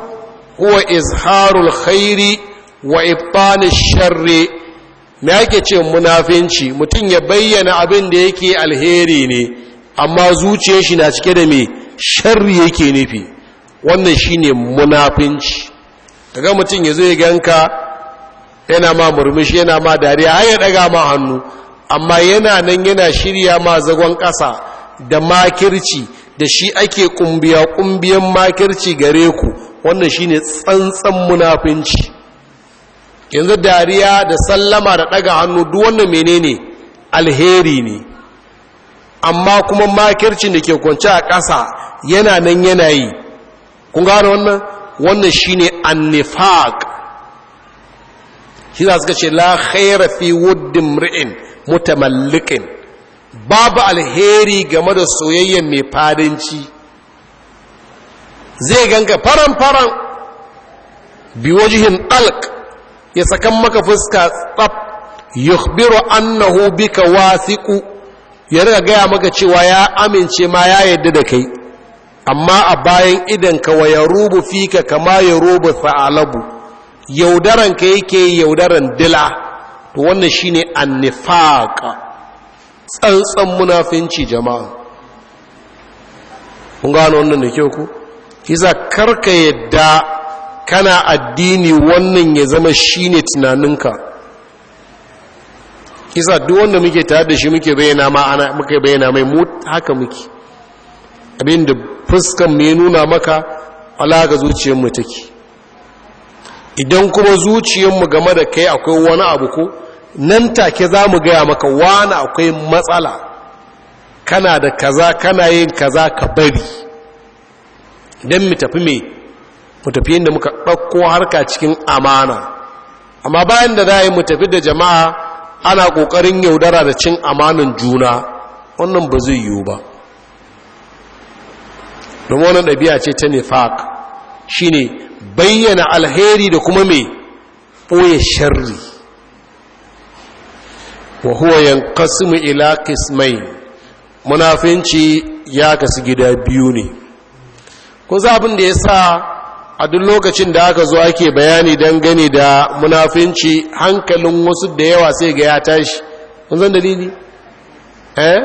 huwa izharul khairi wa ibtani sharri me yake ce munafinci mutum ya bayyana abin da yake alheri ne amma zuciyar shi na cike da me sharri yake nufi wannan shine munafinci kaga mutum yazo ya ganka yana ma murmushi yana ma dariya har ya daga ma hannu amma yana nan yana shirya ma zagon ƙasa da makirci da shi ake kumbiya kumbiyan makirci gare ku wannan shine tsantsan munafinci yanzu dariya da sallama da ɗaga hannu duk wannan menene alheri ne amma kuma makircin da ke kwanci a ƙasa yana nan yanayi yi kun gano wannan wannan shi shine annifaq shi za su ka ce la khaira fi wuddin mri'in mutamallikin babu alheri game da soyayyen mai fadinci zai ganga faran-faran biwajihin alk ya sakan maka fuska tsab, yukhbiru annahu bika wathiqu ya riga gaya maka cewa ya amince ma ya yadda da kai amma a bayan ka wa yarubu fika kama yarubu sa'alabu yaudaran ka yake yaudaran dila to wannan shine annifaqa tsantsan munafinci jama'a kun gano wannan da kyau ku kisa karka yadda kana addini wannan ya zama shi ne tunaninka kisa duk wanda muke tare da shi muke bayyana ma ana muke bayyana mai mu haka muke abinda fuskan mu ya nuna maka alaka zuciyarmu take idan kuma zuciyarmu game da kai akwai wani abu ko nan take za mu gaya maka wani akwai matsala kana da kaza kana yin kaza ka bari don mu tafi mai mu tafi inda muka ɗauko harka cikin amana amma bayan da za mu tafi da jama'a ana ƙoƙarin yaudara da cin amanan juna wannan ba zai yiwu ba domin wannan ɗabi'a ce ta nifaq shine bayyana alheri da kuma mai ɓoye sharri wa huwa yanqasimu ila qismayn munafinci ya kasu gida biyu ne ko za abin da ya sa a duk lokacin da aka zo ake bayani don gani da munafinci hankalin wasu da yawa sai ga ya tashi kun zan dalili eh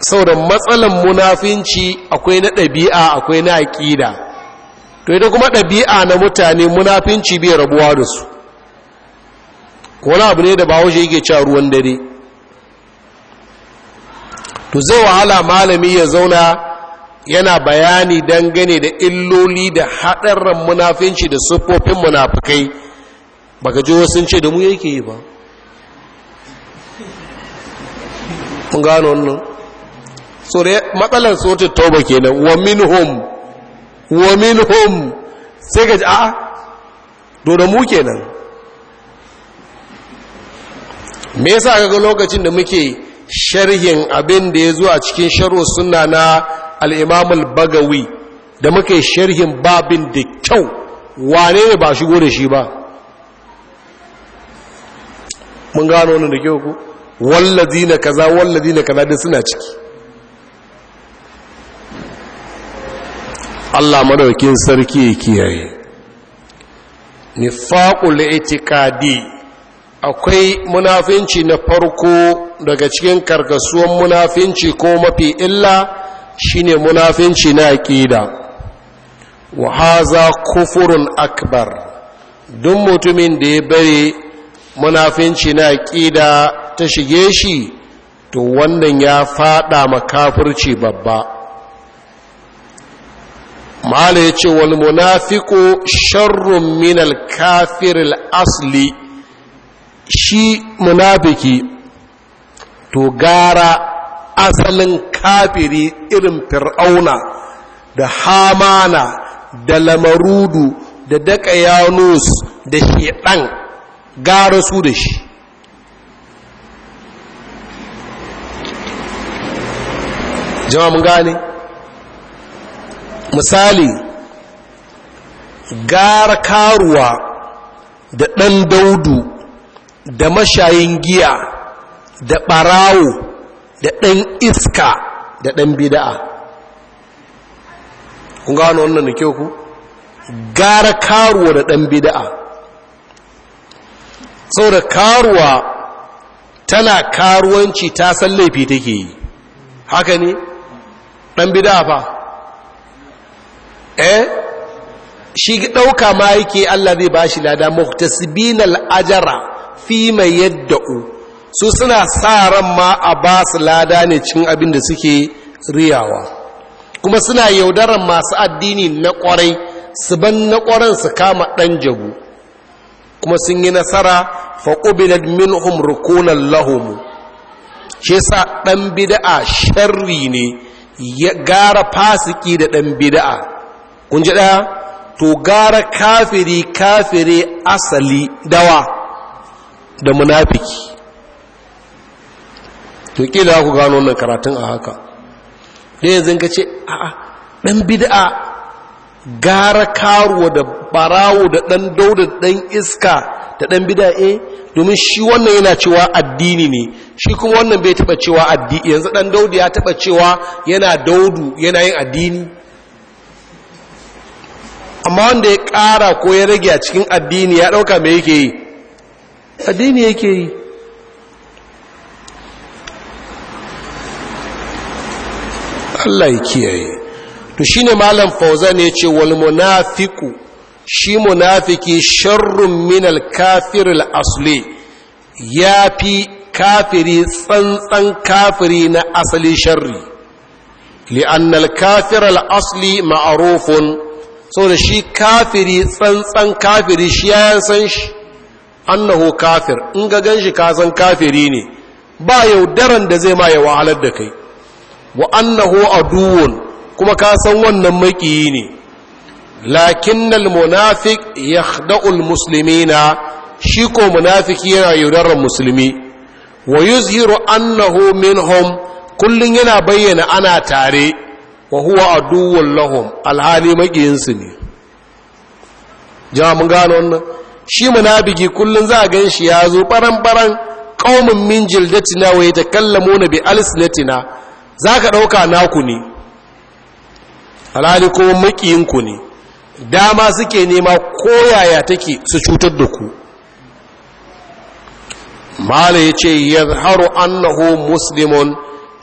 saboda matsalan munafinci akwai na ɗabi'a akwai na aƙida to ita kuma ɗabi'a na mutane munafinci bai rabuwa da su wani abu ne da bahaushe yake cewa ruwan dare to zai wahala malami ya zauna yana bayani dangane da illoli da haɗarren munafinci da siffofin munafukai ka ji wasu ce da mu yake yi ba kun gano wannan so da matsalar sautin tauba kenan wa minhum wamin minhum sai ka ji a dole mu kenan me yasa kaga lokacin da muke sharhin abin da ya zo a cikin sharo suna na al'imamul bagawi da muka yi sharhin babin da kyau wane ne ba shigo da shi ba mun gano wani da kyau ku wallazi na kaza wallazi na kaza da suna ciki Allah madaukin sarki ya kiyaye nifaqul itikadi akwai munafinci na farko daga cikin karkasuwan munafinci ko mafi illa shine munafinci na aqida wa haza kufurun akbar duk mutumin da ya bari munafinci na aqida ta shige shi to wannan ya fada makafirci babba mala yace wal munafiqu sharrun min al kafir al asli shi munafiki to gara asalin kafiri irin fir'auna da hamana da lamarudu da daga yanus da shiɗan gara su da shi mun gane misali gara karuwa da ɗan daudu da mashayin giya da ɓarawo da ɗan iska da ɗan bida'a kun gano wannan da kyau ku gara karuwa da ɗan bida'a da karuwa tana karuwanci ta san laifi take yi haka ne ɗan bida'a fa eh shi ɗauka ma yake Allah zai ba shi lada muhtasibinal ajara fi mai yadda'u su suna sa ran ma a ba su lada ne cin abin da suke riyawa kuma suna yaudarar masu addini na kwarai su ban na kwaran su kama ɗan jabu kuma sun yi nasara faƙubilar minhum rukunan lahomu ce sa ɗan bida'a sharri ne ya gara fasiki da ɗan bida'a kun ji ɗaya to gara kafiri kafiri asali dawa da munafiki to kila ku gano wannan karatun a haka da yanzu ka ce a'a ɗan bid'a gara karuwa da barawo da dan dauda da dan iska da dan bid'a eh, domin shi wannan yana cewa addini ne shi kuma wannan bai taba cewa addini yanzu dan daudu ya taba cewa yana daudu yana yin addini amma wanda ya ƙara ko ya rage a cikin addini ya ɗauka mai yake yi addini yake yi Allah ya kiyaye to shine malam fauzan ya ce wal munafiqu shi munafiki sharrun min al kafir al asli yafi kafiri tsantsan kafiri na asali sharri li'anna al kafir al asli ma'rufun saboda shi kafiri tsantsan kafiri shi ya san annahu kafir in ga ganshi ka san kafiri ne ba yaudaran da zai ma ya wahalar da kai wa annahu aduwwun kuma ka san wannan makiyi ne lakinnal munafiq yakhda'ul muslimina shi ko munafiki yana yaudarar musulmi wa yuzhiru annahu minhum kullun yana bayyana ana tare wa huwa aduwwun lahum alhali makiyinsu ne ja mun gano wannan shi munafiki kullun za a gan shi ya zo baran baran qaumun min jildatina wa yatakallamuna bi alsinatina za ka ɗauka naku ne alhali makiyinku ne dama suke nema koyaya take su cutar da ku mala ya ce haru annahu muslimun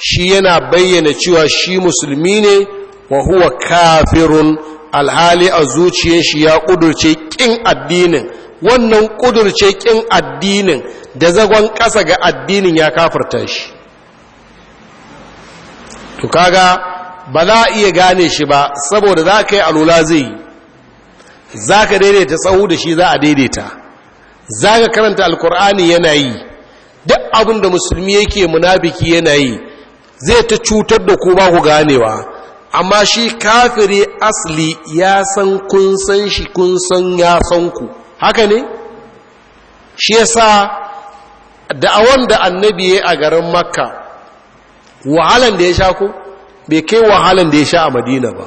shi yana bayyana cewa shi musulmi ne wa huwa kafirun alhali a zuciyar shi ya ƙudurce ƙin addinin wannan ƙudurce ƙin addinin da zagon ƙasa ga addinin ya kafarta shi to kaga ba za a iya gane shi ba saboda za ka yi alula zai yi za ka daidaita tsawo da shi za a daidaita za ka karanta alkur'ani yana yi duk abin da musulmi yake munafiki yana yi zai ta cutar da ku ba ku ganewa amma shi kafiri asali ya san kun san shi kun san ya san ku haka ne shi yasa da'awan da annabi ya a garin makka wahalan da ya sha ko bai kai wahalan da ya sha a madina ba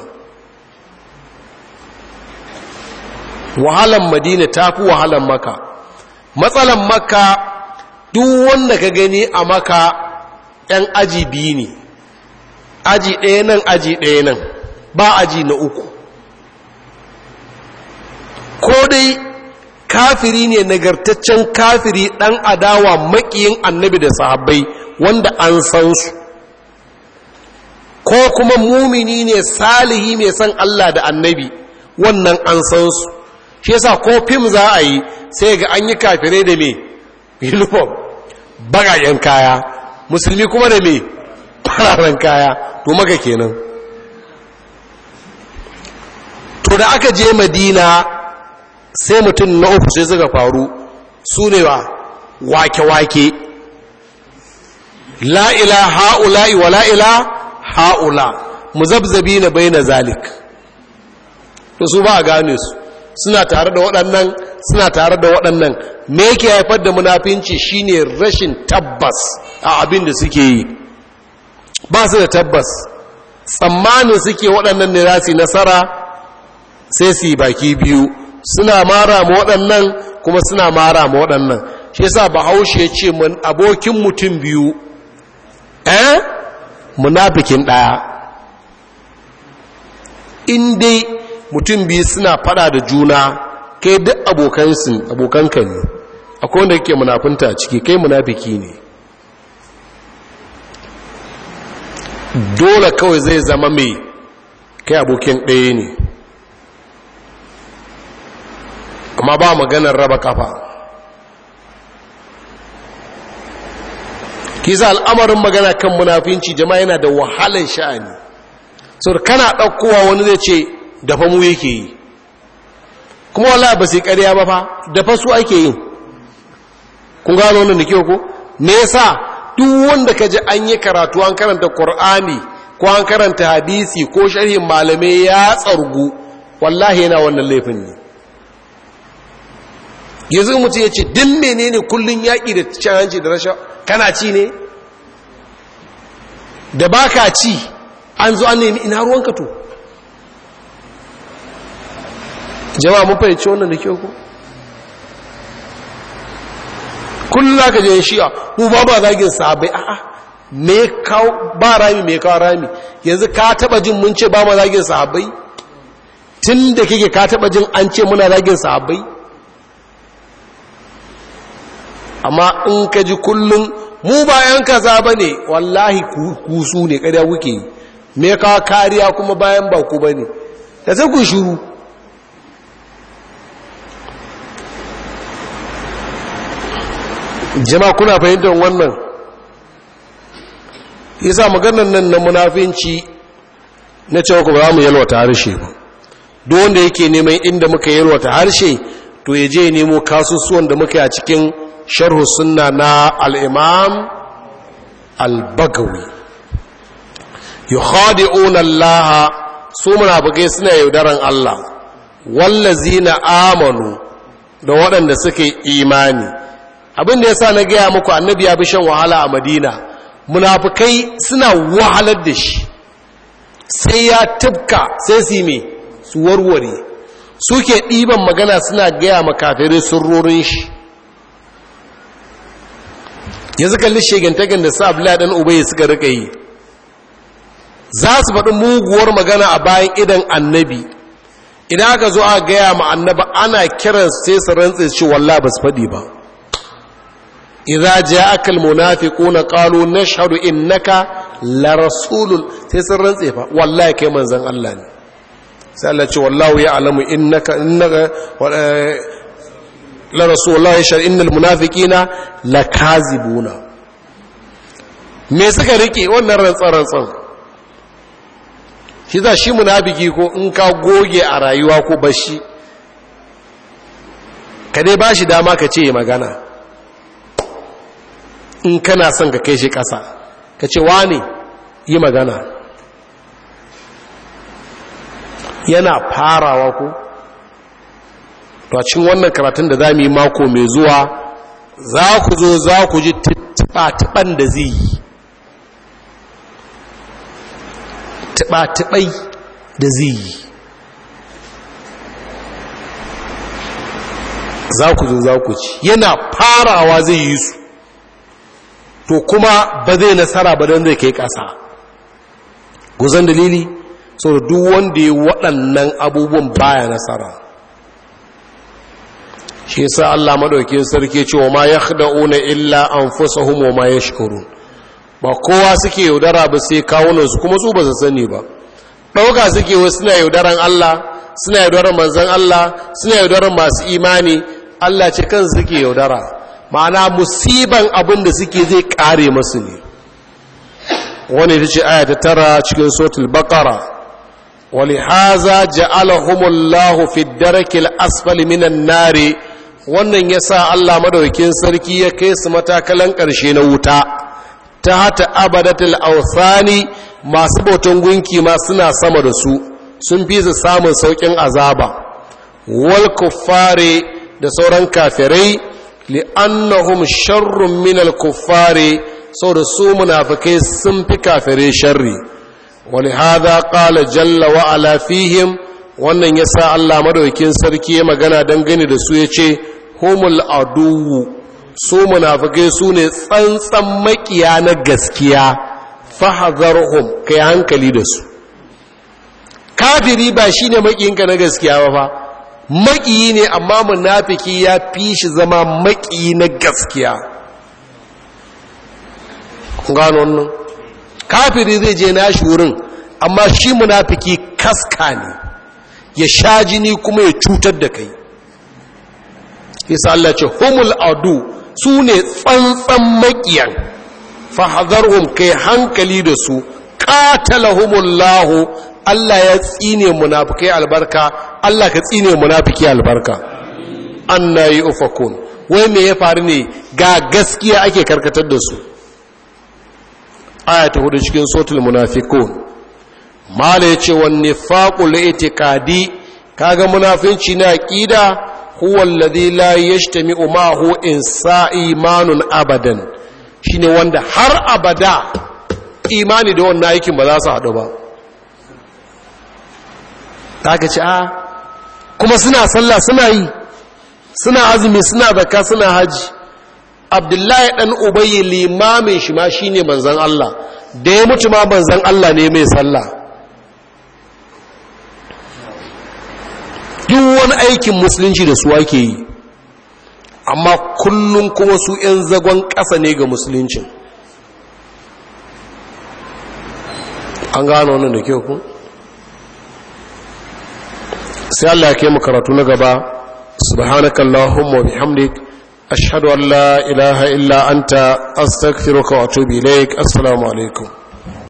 wahalan madina ta fi wahalan maka matsalan maka duk wanda ka gani a maka ‘yan aji biyu ne aji ɗaya nan aji ɗaya nan ba aji na uku ko dai kafiri ne nagartaccen kafiri ɗan adawa maƙiyin annabi da sahabbai wanda an san su ko kuma mumini ne salihi mai san Allah da annabi wannan an san su shi yasa ko fim za a yi sai ga an yi kafire da me uniform bagayen kaya musulmi kuma da me fararen kaya to maka kenan to da aka je madina sai mutum na uku sai suka faru su ne ba wake-wake la'ila ha'ula'i wa la'ila ha'ula muzabzabi na bai na zalik to su ba a gane su suna tare da waɗannan suna tare da waɗannan me yake haifar da munafinci shine rashin tabbas a abin da suke yi ba su da tabbas tsammanin suke waɗannan ne za su nasara sai su baki biyu suna mara ma waɗannan kuma suna mara ma waɗannan shi yasa bahaushe ya ce abokin mutum biyu eh munafikin ɗaya in dai mutum biyu suna fada da juna kai duk abokansu abokanka ne akwai wanda yake munafinta ciki kai munafiki ne dole kawai zai zama mai kai abokin ɗaya ne amma ba maganar raba kafa kisa al'amarin magana kan munafinci jama'a yana da wahalan sha'ani sau kana ɗaukowa wani zai ce dafa mu yake yi kuma wala ba sai ƙarya ba fa dafa su ake yi kun gano wannan da kyau ko me yasa duk wanda ka ji an yi karatu an karanta qur'ani ko an karanta hadisi ko sharhin malamai ya tsargu wallahi yana wannan laifin ne yanzu mutum ya ce din menene kullum yaƙi da cin hanci da rasha kana ci ne da ba ka ci an zo an nemi ina ka to jama'a mun fahimci wannan da kyau ku kullum za ka je shi'a ku ba ba zagin sahabai a'a me kawo ba rami me kawo rami yanzu ka taba jin mun ce ba ma zagin sahabai tun da kike ka taba jin an ce muna zagin sahabai amma in ka ji kullum mu bayan kaza ba ne wallahi kusu ne kada kuke yi me ka kariya kuma bayan ba ku ba ne da sai ku shuru jama'a kuna fahimtar wannan yasa maganar nan na munafinci na cewa ku ba mu yalwata harshe ba duk wanda yake neman inda muka yalwata harshe to ya je nemo kasusuwan da muka yi a cikin sharhu sunna na al'imam al يخادعون الله سومنا su سنة suna yaudaran Allah wallazina amanu da waɗanda suke imani abin da ya sa na gaya muku annabi ya bi shan wahala a Madina munafukai suna wahalar da shi sai ya tubka sai su yi su warware suke ɗiban magana suna gaya makafirai rorin shi yanzu kalli shegantagan da sa abla dan ubai suka rika yi za su faɗi muguwar magana a bayan idan annabi idan aka zo a gaya ma annaba ana kiran sai su rantse shi walla ba su faɗi ba idza ja'aka na qalu in naka la rasulun sai sun rantse fa wallahi kai manzon Allah ne sai Allah ce wallahu ya'lamu innaka eh, la rasulullah ya shar innal munafiqina lakazibuna me suka rike wannan rantsan rantsan shi za shi munafiki ko in ka goge a rayuwa ko bashi ka dai bashi dama ka ce magana in kana son ka kai shi ƙasa ka ce wane yi magana yana farawa ko to a cikin wannan karatun da za mu yi mako mai zuwa za ku zo za ku ji tuɓa da zai yi da zai yi za ku zo za ku ci yana farawa zai yi su to kuma ba zai nasara ba don zai kai ƙasa guzan dalili sau duk wanda ya waɗannan abubuwan baya nasara shi sa Allah madaukin sarki wa ma yakhda'una illa anfusahum wa ma yashkurun ba kowa suke yaudara ba sai kawunan su kuma su ba su sani ba dauka suke wa suna yaudaran Allah suna yaudaran manzon Allah suna yaudaran masu imani Allah ce kan suke yaudara ma'ana musiban abin da suke zai kare masu ne wani ta ce aya ta tara cikin sotul bakara wali haza ja'alahumullahu fi darakil asfali minan nari wannan ya sa Allah madaukin sarki ya kai su matakalan ƙarshe na wuta ta hata abadatul ausani masu bautan gunki ma suna sama da su sun fi su samun saukin azaba wal kuffare da sauran kafirai li'annahum sharrun minal kuffare da su munafikai sun fi kafirai sharri wani hada kala jalla wa alafihim wannan ya sa Allah madaukin sarki ya magana dangane da su ya ce humul aduwu su munafikai su ne tsantsan makiya na gaskiya ka kai hankali da su kafiri ba shine ne makiyinka na gaskiya ba fa makiyi ne amma munafiki ya fi shi zama makiyi na gaskiya kun gano kafiri zai je nashi wurin amma shi munafiki kaska ne ya sha jini kuma ya cutar da kai yasa Allah ce humul adu su ne tsantsan makiyan fahadharhum kai hankali da su qatalahumullahu Allah ya tsine munafikai albarka Allah ka tsine munafiki albarka anna yufakun wai me ya faru ne ga gaskiya ake karkatar da su aya hudu cikin sotul munafiqun mala yace wan nifaqul itiqadi kaga munafinci na ƙida. huwa alladhi la yajtami'u ma'ahu insa'i imanun abadan shine wanda har abada imani da wannan aikin ba za su haɗu ba ta ci a kuma suna sallah suna yi suna azumi suna zakka suna haji abdullahi dan ubayi limamin shi ma shine manzon Allah da ya mutu ma manzon Allah ne mai sallah duk wani aikin musulunci da su ake yi amma kullum kuma su 'yan zagon ƙasa ne ga musuluncin an gano wannan da kyau ku sai Allah ya kai makaratu na gaba subhanakallahumma wa bihamdik ashhadu an la ilaha illa anta astaghfiruka wa atubu ilaik assalamu alaikum